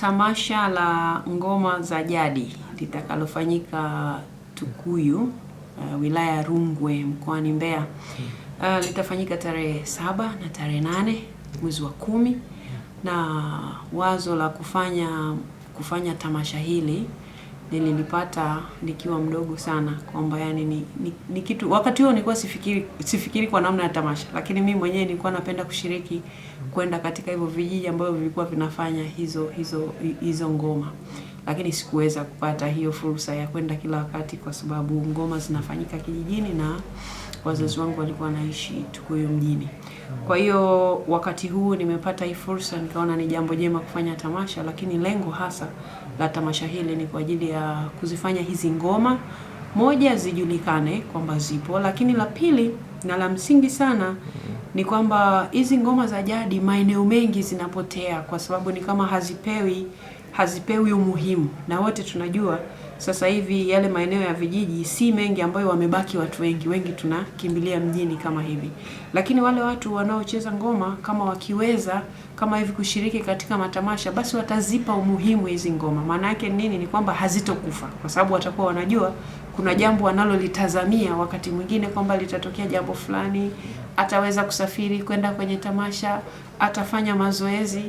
tamasha la ngoma za jadi litakalofanyika Tukuyu, uh, wilaya ya Rungwe mkoani Mbeya. Uh, litafanyika tarehe saba na tarehe nane mwezi wa kumi, na wazo la kufanya kufanya tamasha hili nilipata nikiwa mdogo sana, kwamba yani ni, ni, ni kitu wakati huo nilikuwa sifikiri, sifikiri kwa namna ya tamasha, lakini mimi mwenyewe nilikuwa napenda kushiriki kwenda katika hivyo vijiji ambavyo vilikuwa vinafanya hizo hizo hizo ngoma, lakini sikuweza kupata hiyo fursa ya kwenda kila wakati, kwa sababu ngoma zinafanyika kijijini na wazazi wangu walikuwa wanaishi Tukuyu mjini. Kwa hiyo wakati huu nimepata hii fursa, nikaona ni jambo jema kufanya tamasha, lakini lengo hasa la tamasha hili ni kwa ajili ya kuzifanya hizi ngoma, moja, zijulikane kwamba zipo, lakini la pili na la msingi sana ni kwamba hizi ngoma za jadi maeneo mengi zinapotea, kwa sababu ni kama hazipewi hazipewi umuhimu, na wote tunajua sasa hivi yale maeneo ya vijiji si mengi ambayo wamebaki watu wengi, wengi tunakimbilia mjini kama hivi. Lakini wale watu wanaocheza ngoma kama wakiweza kama hivi kushiriki katika matamasha, basi watazipa umuhimu hizi ngoma. Maana yake nini? Ni kwamba hazitokufa kwa sababu watakuwa wanajua kuna jambo wanalolitazamia, wakati mwingine kwamba litatokea jambo fulani, ataweza kusafiri kwenda kwenye tamasha, atafanya mazoezi.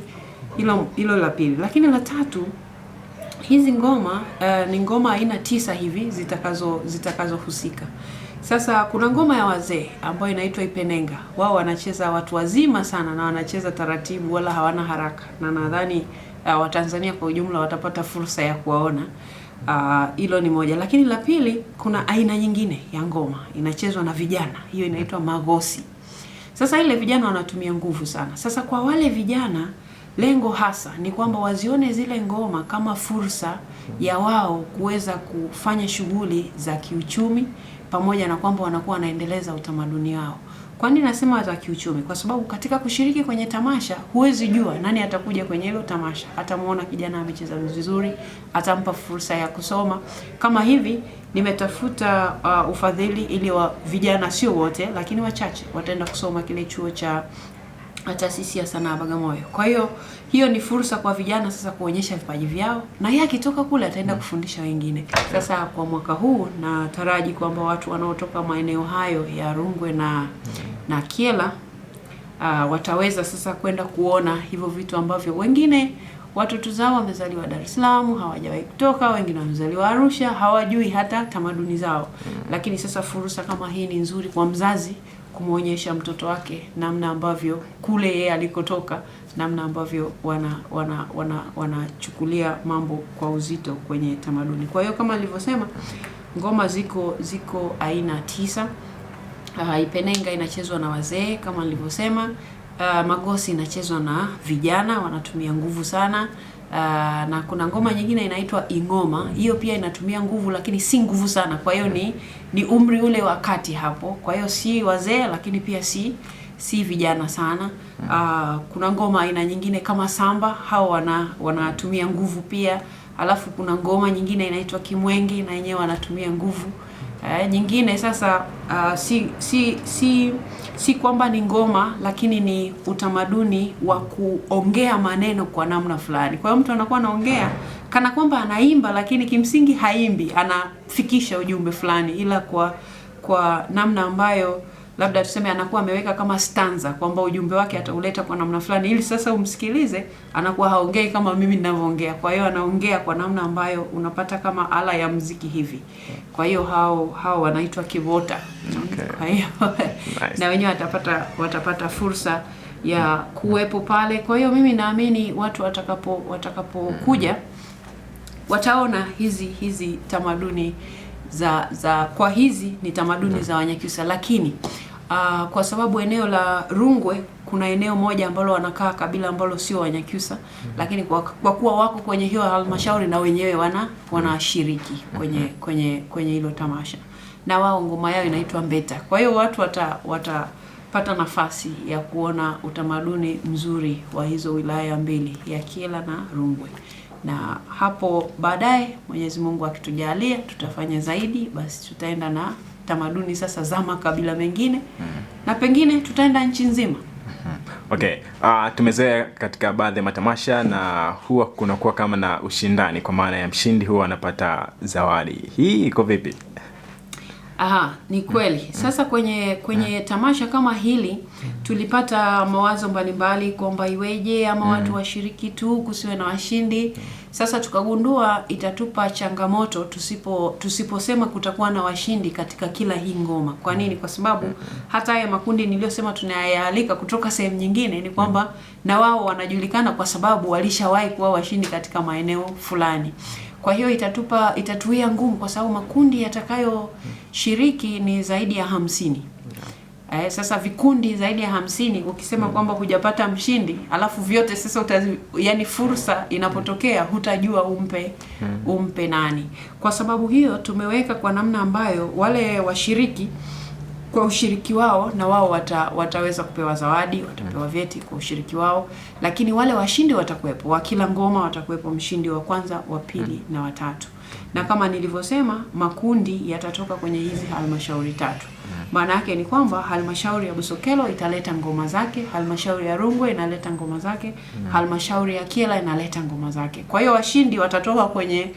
Hilo hilo la pili, lakini la tatu hizi ngoma uh, ni ngoma aina tisa hivi zitakazo zitakazohusika. Sasa kuna ngoma ya wazee ambayo inaitwa Ipenenga. Wao wanacheza watu wazima sana na wanacheza taratibu, wala hawana haraka, na nadhani uh, Watanzania kwa ujumla watapata fursa ya kuwaona eh, hilo. Uh, ni moja, lakini la pili, kuna aina nyingine ya ngoma inachezwa na vijana, hiyo inaitwa magosi. Sasa ile vijana wanatumia nguvu sana. Sasa kwa wale vijana Lengo hasa ni kwamba wazione zile ngoma kama fursa ya wao kuweza kufanya shughuli za kiuchumi, pamoja na kwamba wanakuwa wanaendeleza utamaduni wao. Kwa nini nasema za kiuchumi? Kwa sababu katika kushiriki kwenye tamasha huwezi jua nani atakuja kwenye hilo tamasha. Atamuona kijana amecheza vizuri, atampa fursa ya kusoma. Kama hivi nimetafuta uh, ufadhili ili wa vijana, sio wote, lakini wachache wataenda kusoma kile chuo cha na taasisi ya sanaa Bagamoyo. Kwa hiyo hiyo ni fursa kwa vijana sasa kuonyesha vipaji vyao, na yeye akitoka kule ataenda mm. kufundisha wengine. Sasa kwa mwaka huu nataraji kwamba watu wanaotoka maeneo hayo ya Rungwe na mm. na Kiela uh, wataweza sasa kwenda kuona hivyo vitu ambavyo wengine watoto zao wamezaliwa Dar es Salaam, hawajawahi kutoka. Wengine wamezaliwa Arusha, hawajui hata tamaduni zao, mm. lakini sasa fursa kama hii ni nzuri kwa mzazi kumwonyesha mtoto wake namna ambavyo kule yeye alikotoka, namna ambavyo wanachukulia wana, wana, wana mambo kwa uzito kwenye tamaduni. Kwa hiyo kama nilivyosema, ngoma ziko ziko aina tisa. Uh, Ipenenga inachezwa na wazee kama nilivyosema. Uh, Magosi inachezwa na vijana, wanatumia nguvu sana. Uh, na kuna ngoma nyingine inaitwa Ingoma, hiyo pia inatumia nguvu, lakini si nguvu sana. Kwa hiyo ni ni umri ule wa kati hapo, kwa hiyo si wazee, lakini pia si si vijana sana. Uh, kuna ngoma aina nyingine kama samba, hao wana wanatumia nguvu pia. Alafu kuna ngoma nyingine inaitwa Kimwenge, na yenyewe wanatumia nguvu eh, nyingine sasa uh, si si si si kwamba ni ngoma lakini ni utamaduni wa kuongea maneno kwa namna fulani. Kwa hiyo mtu anakuwa anaongea kana kwamba anaimba, lakini kimsingi haimbi, anafikisha ujumbe fulani, ila kwa kwa namna ambayo labda tuseme anakuwa ameweka kama stanza kwamba ujumbe wake atauleta kwa namna fulani, ili sasa umsikilize, anakuwa haongei kama mimi ninavyoongea. Kwa hiyo anaongea kwa namna ambayo unapata kama ala ya mziki hivi. Kwa hiyo hao hao wanaitwa kivota. Okay. Kwa hiyo nice. na wenyewe watapata watapata fursa ya kuwepo pale. Kwa hiyo mimi naamini watu watakapo watakapokuja wataona hizi hizi tamaduni za za kwa hizi ni tamaduni za Wanyakyusa, lakini uh, kwa sababu eneo la Rungwe kuna eneo moja ambalo wanakaa kabila ambalo sio Wanyakyusa mm -hmm. Lakini kwa, kwa kuwa wako kwenye hiyo halmashauri na wenyewe wana wanashiriki mhm. kwenye kwenye kwenye hilo tamasha na wao ngoma yao inaitwa Mbeta. Kwa hiyo watu wata watapata nafasi ya kuona utamaduni mzuri wa hizo wilaya mbili ya Kyela na Rungwe, na hapo baadaye Mwenyezi Mungu akitujalia tutafanya zaidi, basi tutaenda na tamaduni sasa za makabila mengine mm. na pengine tutaenda nchi nzima. Hmm. Okay. Uh, tumezoea katika baadhi ya matamasha na huwa kunakuwa kama na ushindani, kwa maana ya mshindi huwa anapata zawadi. Hii iko vipi? Aha, ni kweli. Mm. Sasa kwenye kwenye tamasha kama hili mm. tulipata mawazo mbalimbali kwamba iweje ama mm. watu washiriki tu, kusiwe na washindi. Sasa tukagundua itatupa changamoto tusipo tusiposema kutakuwa na washindi katika kila hii ngoma. Kwa nini? Kwa sababu hata haya makundi niliyosema tunayaalika kutoka sehemu nyingine ni kwamba na wao wanajulikana kwa sababu walishawahi kuwa washindi katika maeneo fulani. Kwa hiyo itatupa itatuia ngumu kwa sababu makundi yatakayoshiriki ni zaidi ya hamsini. Eh, sasa vikundi zaidi ya hamsini ukisema mm. kwamba hujapata mshindi alafu vyote sasa uta, yani fursa inapotokea hutajua umpe hmm. umpe nani. Kwa sababu hiyo tumeweka kwa namna ambayo wale washiriki kwa ushiriki wao, na wao wata, wataweza kupewa zawadi, watapewa mm. vyeti kwa ushiriki wao, lakini wale washindi watakuwepo, wa kila ngoma watakuwepo mshindi wa kwanza, wa pili mm. na watatu. Na kama nilivyosema, makundi yatatoka kwenye hizi halmashauri tatu. Mm. Maana yake ni kwamba halmashauri ya Busokelo italeta ngoma zake, halmashauri ya Rungwe inaleta ngoma zake, halmashauri ya Kiela inaleta ngoma zake. Kwa hiyo washindi watatoka kwenye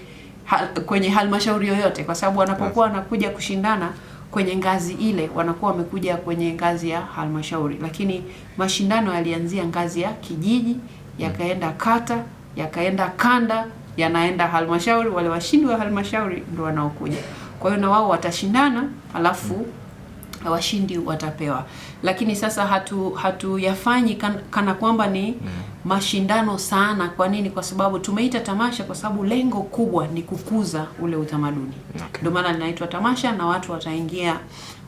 hal, kwenye halmashauri yoyote, kwa sababu wanapokuwa wanakuja kushindana kwenye ngazi ile wanakuwa wamekuja kwenye ngazi ya halmashauri, lakini mashindano yalianzia ngazi ya kijiji, yakaenda kata, yakaenda kanda, yanaenda halmashauri. Wale washindi wa halmashauri ndio wanaokuja. Kwa hiyo na wao watashindana halafu washindi watapewa, lakini sasa hatuyafanyi hatu kana, kana kwamba ni mm. mashindano sana. Kwa nini? Kwa sababu tumeita tamasha kwa sababu lengo kubwa ni kukuza ule utamaduni okay. maana linaitwa tamasha na watu wataingia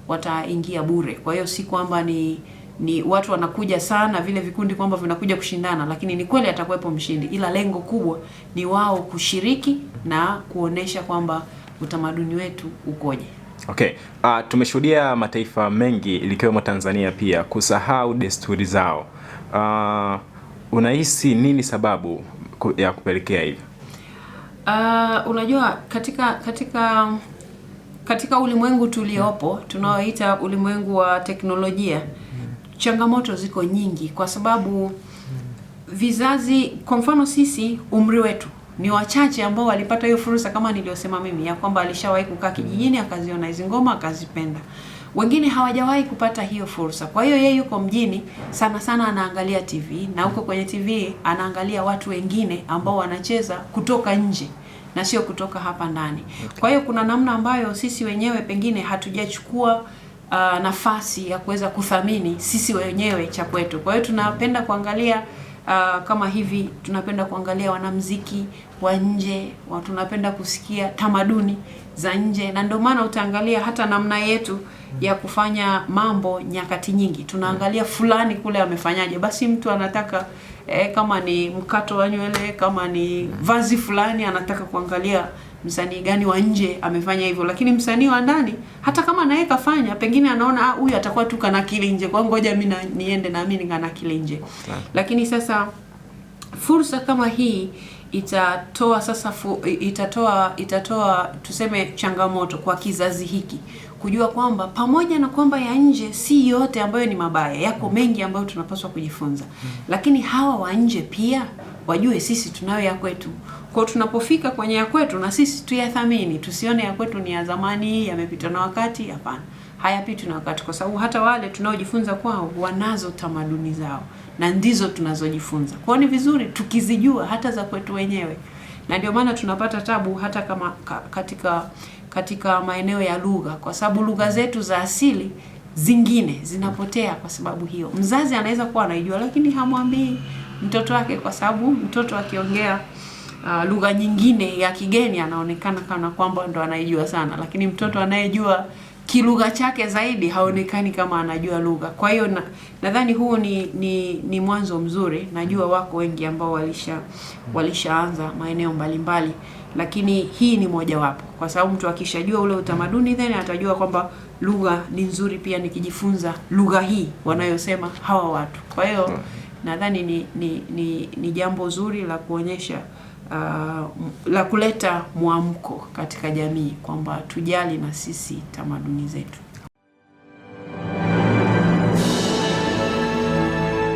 wataingia bure. Kwa hiyo si kwamba ni ni watu wanakuja sana vile vikundi kwamba vinakuja kushindana, lakini ni kweli atakuwepo mshindi, ila lengo kubwa ni wao kushiriki na kuonesha kwamba utamaduni wetu ukoje. Okay. Uh, tumeshuhudia mataifa mengi likiwemo Tanzania pia kusahau desturi zao. Uh, unahisi nini sababu ya kupelekea hivyo? Uh, ah, unajua katika katika katika ulimwengu tuliopo tunaoita ulimwengu wa teknolojia, changamoto ziko nyingi kwa sababu vizazi, kwa mfano sisi, umri wetu ni wachache ambao walipata hiyo fursa kama niliyosema mimi ya kwamba alishawahi kukaa kijijini akaziona hizo ngoma akazipenda. Wengine hawajawahi kupata hiyo fursa. Kwa hiyo yeye yuko mjini sana sana anaangalia TV na huko kwenye TV anaangalia watu wengine ambao wanacheza kutoka nje na sio kutoka hapa ndani. Okay. Kwa hiyo kuna namna ambayo sisi wenyewe pengine hatujachukua uh, nafasi ya kuweza kuthamini sisi wenyewe cha kwetu. Kwa hiyo tunapenda kuangalia Uh, kama hivi tunapenda kuangalia wanamziki wa nje, tunapenda kusikia tamaduni za nje, na ndio maana utaangalia hata namna yetu ya kufanya mambo nyakati nyingi tunaangalia fulani kule amefanyaje. Basi mtu anataka eh, kama ni mkato wa nywele, kama ni vazi fulani, anataka kuangalia msanii gani wa nje amefanya hivyo, lakini msanii wa ndani hata kama naye kafanya, pengine anaona ah, huyu atakuwa tu kana kile nje, kwa ngoja mimi niende na mimi ningana kile nje. Lakini sasa fursa kama hii itatoa sasa fu, itatoa itatoa tuseme changamoto kwa kizazi hiki kujua kwamba pamoja na kwamba ya nje si yote ambayo ni mabaya, yako mengi ambayo tunapaswa kujifunza, hmm. lakini hawa wa nje pia wajue sisi tunayo ya kwetu. Kwa tunapofika kwenye ya kwetu na sisi tuyathamini, tusione ya kwetu ni ya zamani, yamepita na wakati. Hapana, hayapiti na wakati, kwa sababu hata wale tunaojifunza kwao wanazo tamaduni zao na ndizo tunazojifunza. Kwa ni vizuri tukizijua hata za kwetu wenyewe, na ndio maana tunapata tabu hata kama katika katika maeneo ya lugha, kwa sababu lugha zetu za asili zingine zinapotea kwa sababu hiyo. Mzazi anaweza kuwa anaijua lakini hamwambii mtoto wake, kwa sababu mtoto akiongea uh, lugha nyingine ya kigeni anaonekana kana kwamba ndo anaijua sana, lakini mtoto anayejua kilugha chake zaidi haonekani kama anajua lugha. Kwa hiyo nadhani na huu ni, ni, ni mwanzo mzuri. Najua wako wengi ambao walisha walishaanza maeneo mbalimbali, lakini hii ni mojawapo, kwa sababu mtu akishajua ule utamaduni then atajua kwamba lugha ni nzuri pia, nikijifunza lugha hii wanayosema hawa watu. Kwa hiyo hmm. nadhani ni, ni, ni, ni jambo zuri la kuonyesha uh, la kuleta mwamko katika jamii kwamba tujali na sisi tamaduni zetu.